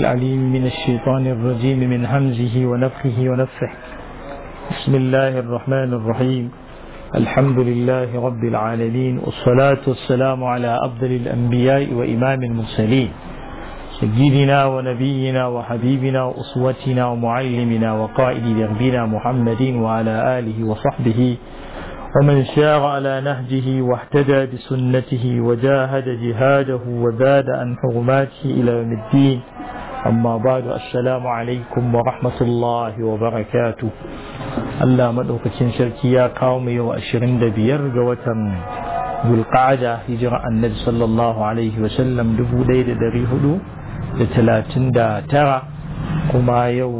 العليم من الشيطان الرجيم من همزه ونفخه ونفه بسم الله الرحمن الرحيم الحمد لله رب العالمين والصلاة والسلام على أفضل الأنبياء وإمام المرسلين سيدنا ونبينا وحبيبنا وأسوتنا ومعلمنا وقائد دربنا محمد وعلى آله وصحبه ومن شاغ على نهجه واهتدى بسنته وجاهد جهاده وزاد عن حرماته إلى يوم الدين amma ba da assalamu alaikum wa rahmatullahi wa barakatu Allah maɗaukakin sarki ya kawo mu yau ashirin da biyar ga watan gulƙada hijira annabi sallallahu alaihi wa sallam dubu ɗaya da ɗari hudu da talatin da tara kuma yau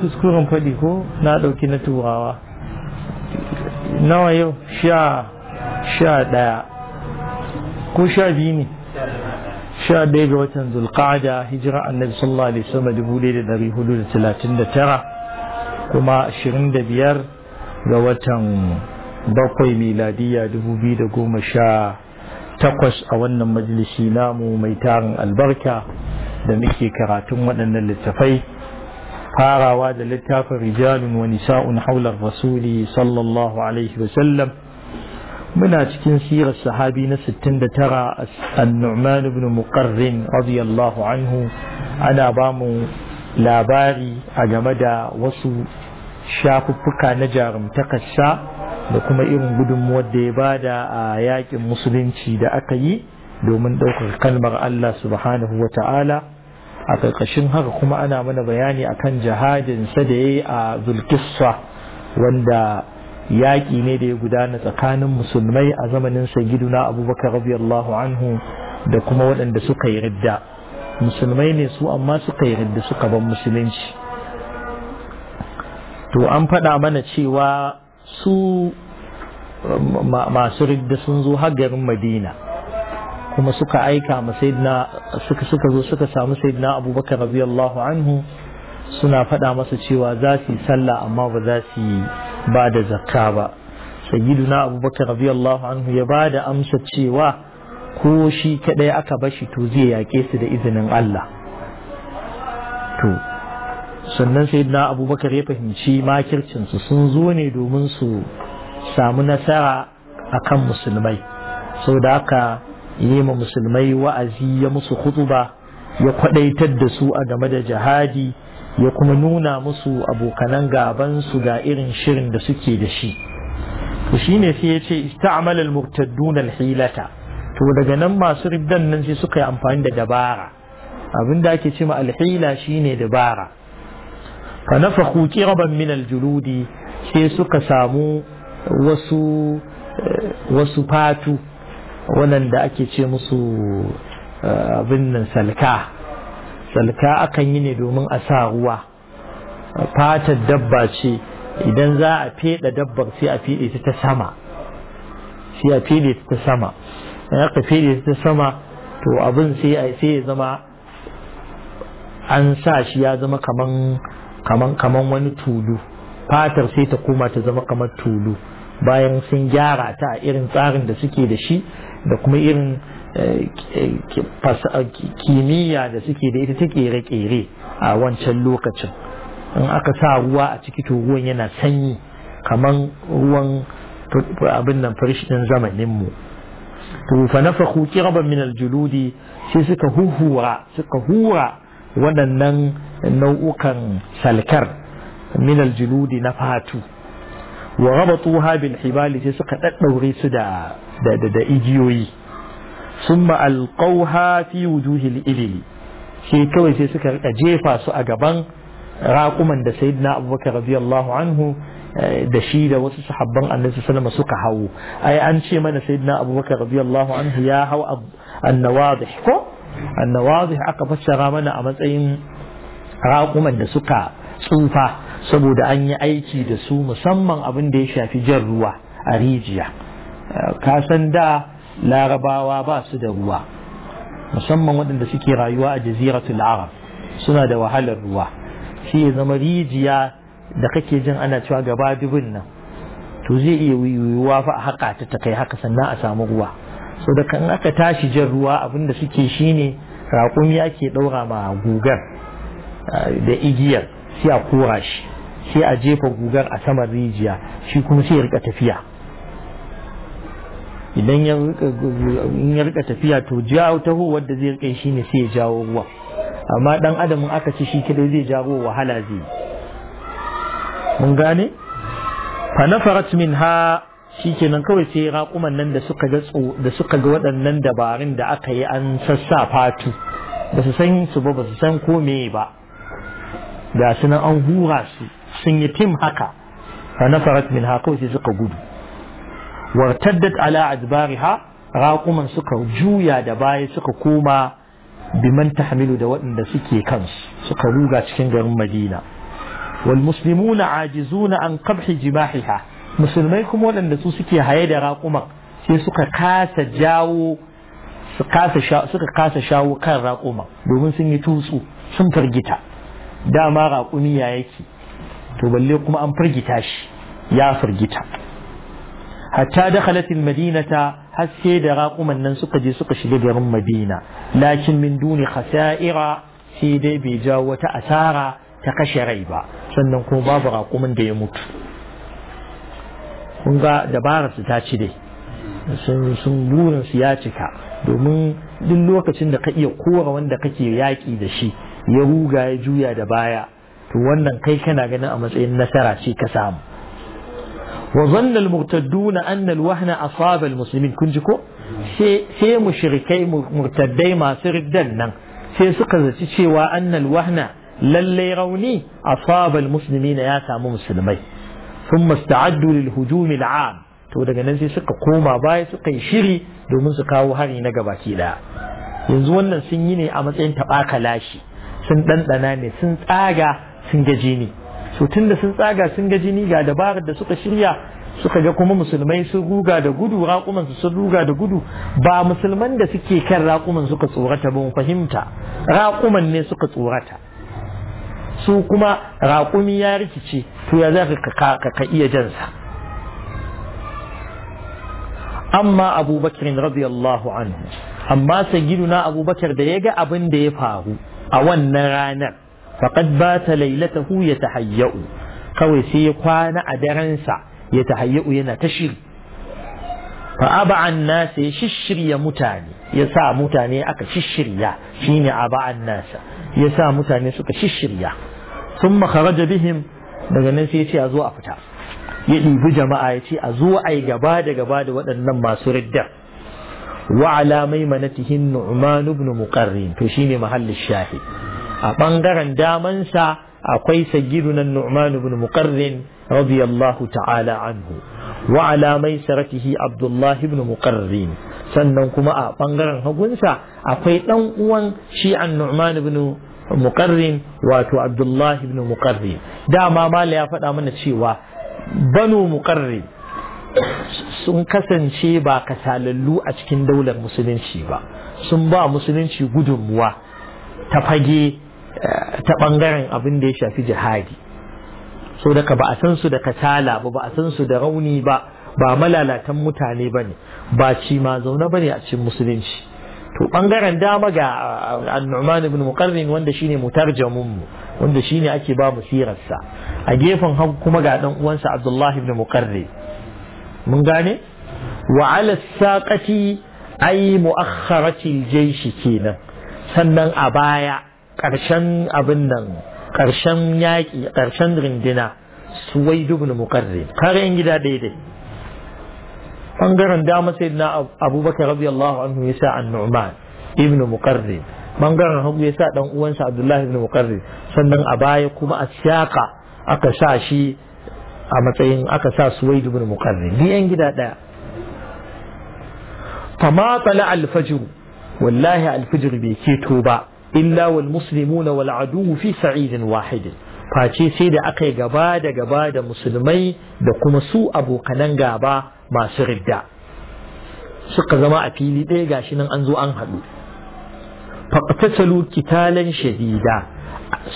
kuskuren faɗi ko na ɗauki na turawa nawa yau sha sha ɗaya ko sha biyu ne sha ɗaya ga watan zulqa'ada hijira annabi sallallahu alaihi wasallam dubu ɗaya da ɗari hudu da talatin da tara kuma ashirin da biyar ga watan bakwai miladiya dubu biyu da goma sha takwas a wannan majalisi namu mai tarin albarka da muke karatun waɗannan littafai farawa da littafin rijalun wa nisa'un haular rasuli sallallahu alaihi wasallam muna cikin sirar sahabi na sittin da 69 annu'man ibn muqarrin radiyallahu anhu ana ba mu labari a game da wasu shafuffuka na jarumtakarsa da kuma irin gudunmuwar da ya bada a yaƙin musulunci da aka yi domin ɗaukar kalmar Allah subhanahu wa a ƙarƙashin haka kuma ana mana bayani akan jihadinsa da ya a zulkissa wanda yaƙi ne da ya gudana tsakanin musulmai a zamanin sayyiduna abubakar radiyallahu anhu da kuma waɗanda suka yi ridda musulmai ne su amma suka yi ridda suka ban musulunci to an faɗa mana cewa su masu ridda sun zo har garin madina kuma suka aika ma suka zo suka samu sayyidina abubakar radiyallahu anhu suna faɗa masa cewa za su yi sallah amma ba za su yi ba da zakka ba sayyiduna abubakar radiyallahu anhu ya ba da amsa cewa ko shi kadai aka bashi to zai yaƙe su da izinin Allah to sannan sayyiduna abubakar ya fahimci makircin su sun zo ne domin su samu nasara akan musulmai da aka yi ma musulmai wa'azi ya musu ba, ya kwadaitar da su a game da jihadi ya kuma nuna musu abokanan gaban su ga irin shirin da suke da shi to shine sai ya ce ista'mal al al-hilata to daga nan masu riddan nan sai suka yi amfani da dabara abinda da ake cewa al-hila shine dabara fa nafakhu qiraban min al-juludi sai suka samu wasu eh, wasu fatu da ake ce musu eh, abin nan salka salka akan yi ne domin a sa ruwa fatar dabba ce idan za a feɗa dabbar sai a feɗe ta ta sama sai a feɗe ta ta sama in aka feɗe ta ta sama to abin sai ya zama an sa shi ya zama kaman kaman kaman wani tulu fatar sai ta koma ta zama kamar tulu bayan sun gyara ta a irin tsarin da suke da shi da kuma irin Eh, eh, kimiyya da suke da ita ta kere-kere a wancan lokacin in aka sa ruwa a ciki to ruwan yana sanyi kamar ruwan abin nan zamanin zamaninmu to fa nafakhu qiraban min aljuludi sai suka huhura suka hura waɗannan nau'ukan salkar min aljuludi na fatu wa rabatuha bil hibali sai suka daddaure su da da igiyoyi sun alqauha fi wujuhil ilili sai kawai sai suka rika jefa su a gaban raƙuman da sayyidina abubakar radiyallahu anhu eh, da shi da wasu sahabban annabi sallama suka hawo ai an ce mana sayyidina abubakar radiyallahu anhu ya hau annawadih ko annawadih aka fassara mana a matsayin raƙuman da suka tsufa saboda an yi aiki da su musamman abin da ya shafi jan ruwa a rijiya eh, ka san da larabawa ba su da ruwa musamman waɗanda suke rayuwa a jaziratul arab suna da wahalar ruwa shi ya zama rijiya da kake jin ana cewa gaba dubin nan to zai iya yiwuwa fa a haka ta kai haka sannan a samu ruwa so da kan aka tashi jan ruwa abinda suke shine raƙumi ake ɗaura ma gugar da igiyar sai a kora shi sai a jefa gugar a saman rijiya shi kuma sai ya rika tafiya idan ya rika tafiya to jawo taho wadda zai rike shi ne sai jawo ruwa amma dan adamin aka ci shi kadai zai jawo wahala zai mun gane fa nafarat minha shikenan kawai sai raƙuman nan da suka ga da suka ga waɗannan dabarun da aka yi an sassafa tu ba su san su ba ba su san ko me ba ga su an hura su sun yi tim haka fa nafarat minha kawai sai suka gudu wartaddat ala adbariha raƙuman suka juya da baya suka koma biman tahmilu da waɗanda suke kansu suka ruga cikin garin madina wal muslimuna ajizuna an qabhi jimahiha musulmai kuma waɗanda su suke haye da raƙuman sai suka kasa jawo suka kasa shawo kan raƙuma domin sun yi tutsu sun firgita dama raƙumi ya yake to balle kuma an firgita shi ya firgita hatta dakhalat madinata har sai da raquman nan suka je suka shiga garin Madina lakin min duni khasa'ira sai dai bai jawo wata asara ta kashe rai ba sannan kuma babu raƙumin da ya mutu kun ga dabarar su ta ci dai sun burin su ya cika domin duk lokacin da ka iya kora wanda kake yaƙi da shi ya ruga ya juya da baya to wannan kai kana ganin a matsayin nasara ce ka samu wa zanna al-murtaddun anna al-wahna asaba al-muslimin kun ji ko sai sai mushrikai murtaddai masu riddan nan sai suka zaci cewa anna al-wahna lalle rauni asaba al-muslimin ya samu musulmai Sun ista'addu lil-hujum al to daga nan sai suka koma baya suka yi shiri domin su kawo hari na ki da. yanzu wannan sun yi ne a matsayin taɓaka lashi sun ɗanɗana ne sun tsaga sun gaji ne to da sun tsaga sun ga jini ga dabarar da suka shirya suka ga kuma musulmai sun ruga da gudu raƙuman su sun ruga da gudu ba musulman da suke kan raƙuman suka tsorata ba fahimta raƙuman ne suka tsorata su kuma raƙumi ya rikice to ya za ka iya jansa amma abubakar radiyallahu anhu amma giduna abubakar da ya ga abin da ya faru a wannan ranar فقد بات ليلته يتحيأ kawai sai ya kwana a darensa ya tahayyu yana ta shiri fa aba'an nasa ya shishirya mutane ya sa mutane aka shishirya shine aba'an nasa ya sa mutane suka shishirya sun kharaja bihim daga nan sai ya ce a zo a fita ya ɗibi jama'a ya ce a zo a yi gaba da gaba da waɗannan masu riddar wa ala maimanatihin nu'man ibn muqarrin to shine mahallin shahid a ɓangaren damansa akwai sayyiduna nu'man ibn muqarrin radiyallahu ta'ala anhu wa ala maisaratihi abdullahi ibn muqarrin sannan kuma a ɓangaren hagunsa akwai ɗan uwan shi an nu'man ibn muqarrin wato abdullahi ibn muqarrin dama mala ya faɗa mana cewa banu muqarrin sun kasance ba kasalallu a cikin daular musulunci ba sun ba musulunci gudunmuwa ta fage ta ɓangaren abin da ya shafi jihadi so daga ba a san su da katala ba ba a san su da rauni ba ba malalatan mutane ba ne ba ci ma zaune ba ne a cikin musulunci to ɓangaren dama ga uh, annu'man ibn muqarrin wanda shine mutarjamun mu wanda shine ake ba mu sirarsa a gefen hagu kuma ga dan uwansa abdullahi ibn muqarrin mun gane wa ala saqati ay mu'akhkharati al-jaysh kenan sannan a baya ƙarshen abin nan ƙarshen yaƙi ƙarshen rindina suwai dubin mukarri karen gida daidai ɓangaren dama sai na abubakar radiyallahu anhu ya sa annu'man ibn mukarri ɓangaren hagu ya sa ɗan uwansa abdullahi ibn mukarri sannan a baya kuma a shaƙa aka sa shi a matsayin aka sa suwai dubin mukarri biyan gida ɗaya fama tsala alfajir wallahi alfijir bai keto ba illa wal muslimuna wal fi sa'idin wahidin face sai da aka yi gaba da gaba da musulmai da kuma su abokanan gaba masu ridda suka zama a fili ɗaya gashi nan an zo an haɗu faqtatalu kitalan shadida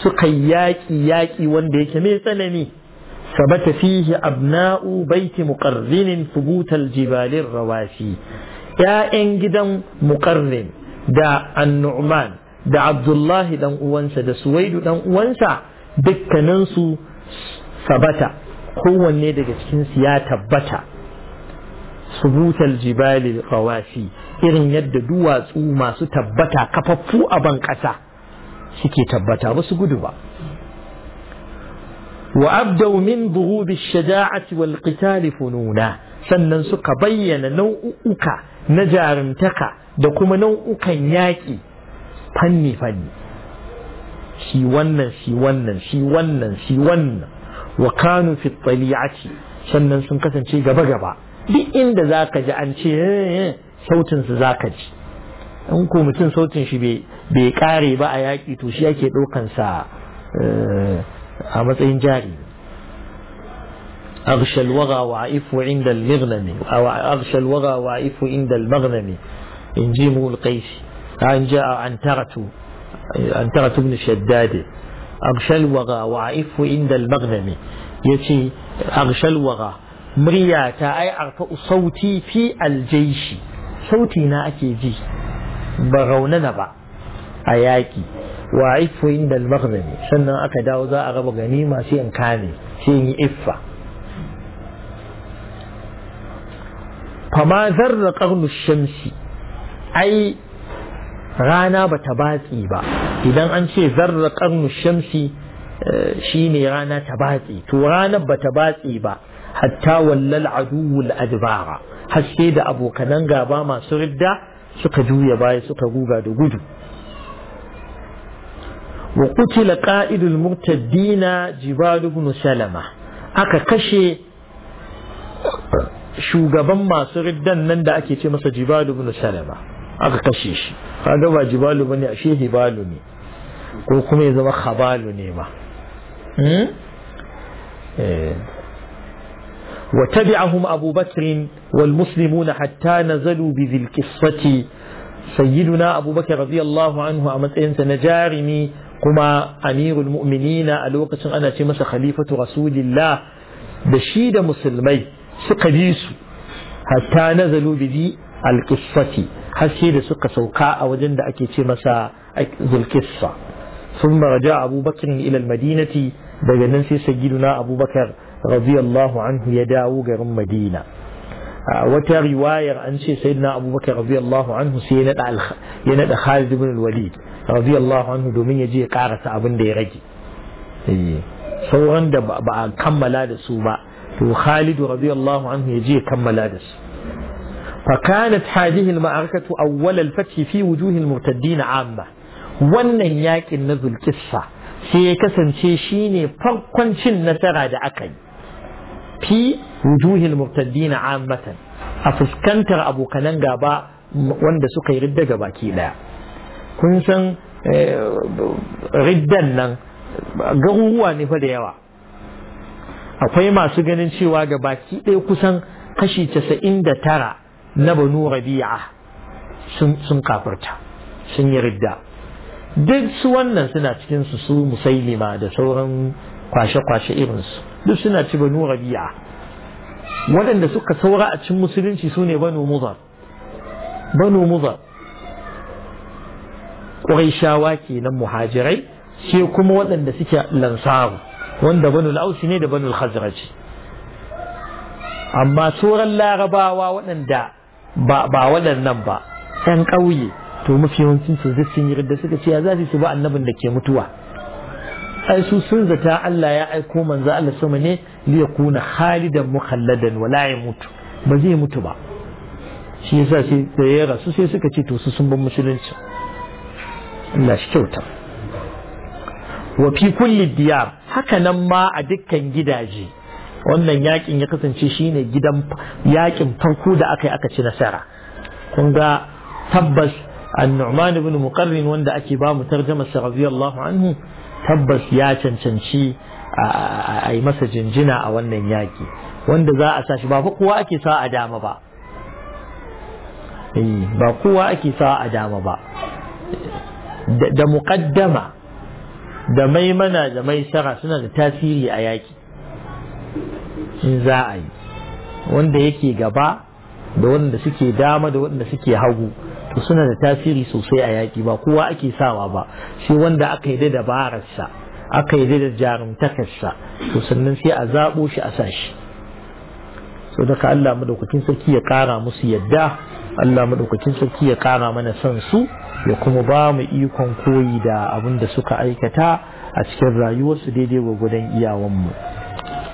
suka yaƙi yaƙi wanda yake mai tsanani sabata fihi abna'u baiti muqarrinin fubutal jibalin rawafi Ya'yan gidan muqarrin da annu'man da abdullahi dan uwansa da suwaidu dan uwansa dukkaninsu sabata kowanne daga cikinsu ya tabbata subutal jibali qawasi irin yadda duwatsu masu tabbata kafaffu a ban ƙasa suke tabbata ba su gudu ba wa abdau min buhubi shaja'ati wal qitali fununa sannan suka bayyana nau'uka na jarumtaka da kuma nau'ukan yaƙi fanni fanni shi wannan shi wannan shi wannan shi wannan wa kanu fi tali'ati sannan sun kasance gaba gaba duk inda zaka ji an ce sautin su zaka ji in ko mutum sautin shi bai kare ba a yaki to shi yake daukan sa a matsayin jari أغشى الوغى وعائف عند المغنم أو أغشى الوغى وعائف عند المغنم إن جيمه القيسي عن جاء عنترة عنترة بن شداد أغشى الوغى وعائف عند المغنم يتي أغشى الوغى مرياتا أي أرفع صوتي في الجيش صوتي نا أكي جي بغونا با أياكي وعائف عند المغنم سنة أكدا وزا أغب غنيمة سين كامي سين إفا فما ذر قرن الشمس أي rana ba ta batsi ba idan an ce zarra karnu shamsi eh, shine rana ta batsi to rana ba ta batsi ba hatta wallal aduwul adbara haske da abokanan gaba masu ridda suka juya baya suka guga da gudu wa qutila qa'idul murtaddina jibal ibn salama aka kashe shugaban masu riddan nan da ake ce masa jibal ibn salama aka kashe shi kaga ba jibalu bane ashe hibalu ne ko kuma ya zama khabalu ne ma وتبعهم أبو بكر والمسلمون حتى نزلوا بذي القصة سيدنا أبو بكر رضي الله عنه أمتين سنجارمي كما أمير المؤمنين الوقت أنا تمس خليفة رسول الله بشيد مسلمي سقبيس حتى نزلوا بذي القصة har shi da suka sauka a wajen da ake ce masa zulkissa sun maraja abubakar ila madinati daga nan sai sayyiduna abubakar radiyallahu anhu ya dawo garin madina a wata riwayar an ce sayyidina abubakar radiyallahu anhu sai ya nada khalid ibn walid radiyallahu anhu domin ya je ya karasa abin da ya rage sauran da ba a kammala da su ba to khalid radiyallahu anhu ya je ya kammala da su فكانت هذه المعركة أول الفتح في وجوه المرتدين عامة wannan yakin na zulkissa sai ya kasance shine farkon cin nasara da aka yi fi wujuhil murtaddina ammatan a fuskantar abokanan gaba wanda suka yi ridda ga baki daya kun san riddan nan garuruwa ne fa da yawa akwai masu ganin cewa ga baki ɗaya kusan kashi casa'in da tara na banu rabi'a sun kafirta sun yi ridda duk su wannan suna cikin su su musailima da sauran kwashe-kwashe irinsu duk suna ci banu rabi'a waɗanda suka saura a cin musulunci su ne banu muzar banu muzar ƙuraishawa kenan muhajirai sai kuma waɗanda suke lansaru wanda banu al'ausi ne da banu amma sauran larabawa waɗanda ba ba waɗannan ba ɗan ƙauye to mafi yawancin su zai sun yi da suka ce ya za su ba annabin da ke mutuwa ai su sun zata Allah ya aiko manzo Allah sama ne li yakuna khalidan mukhalladan wala yamutu ba zai mutu ba shi yasa sai da ya rasu sai suka ce to su sun ban musulunci Allah shi kyauta wa fi kulli diyar haka nan ma a dukkan gidaje wannan yakin ya kasance shine gidan yakin farko da aka yi aka ci nasara kun ga tabbas annu'man ibn muqarrin wanda ake ba mu tarjama sa radiyallahu anhu tabbas ya cancanci a yi masa jinjina a wannan yaki wanda za a sashi eh, ba kowa ake sa a dama ba ba kowa ake sa a dama ba da muqaddama da maimana da maisara suna da tasiri a yaki in za a yi wanda yake gaba da wanda suke dama da wanda suke hagu to suna da tasiri sosai a yaƙi ba kowa ake sawa ba sai wanda aka yi da dabararsa aka yi da jarumtakarsa to sannan sai a zaɓo shi a sa shi so daga Allah madaukakin sarki ya ƙara musu yadda Allah madaukakin sarki ya ƙara mana son su ya kuma ba mu ikon koyi da abin da suka aikata a cikin rayuwarsu daidai gwagwadon iyawanmu.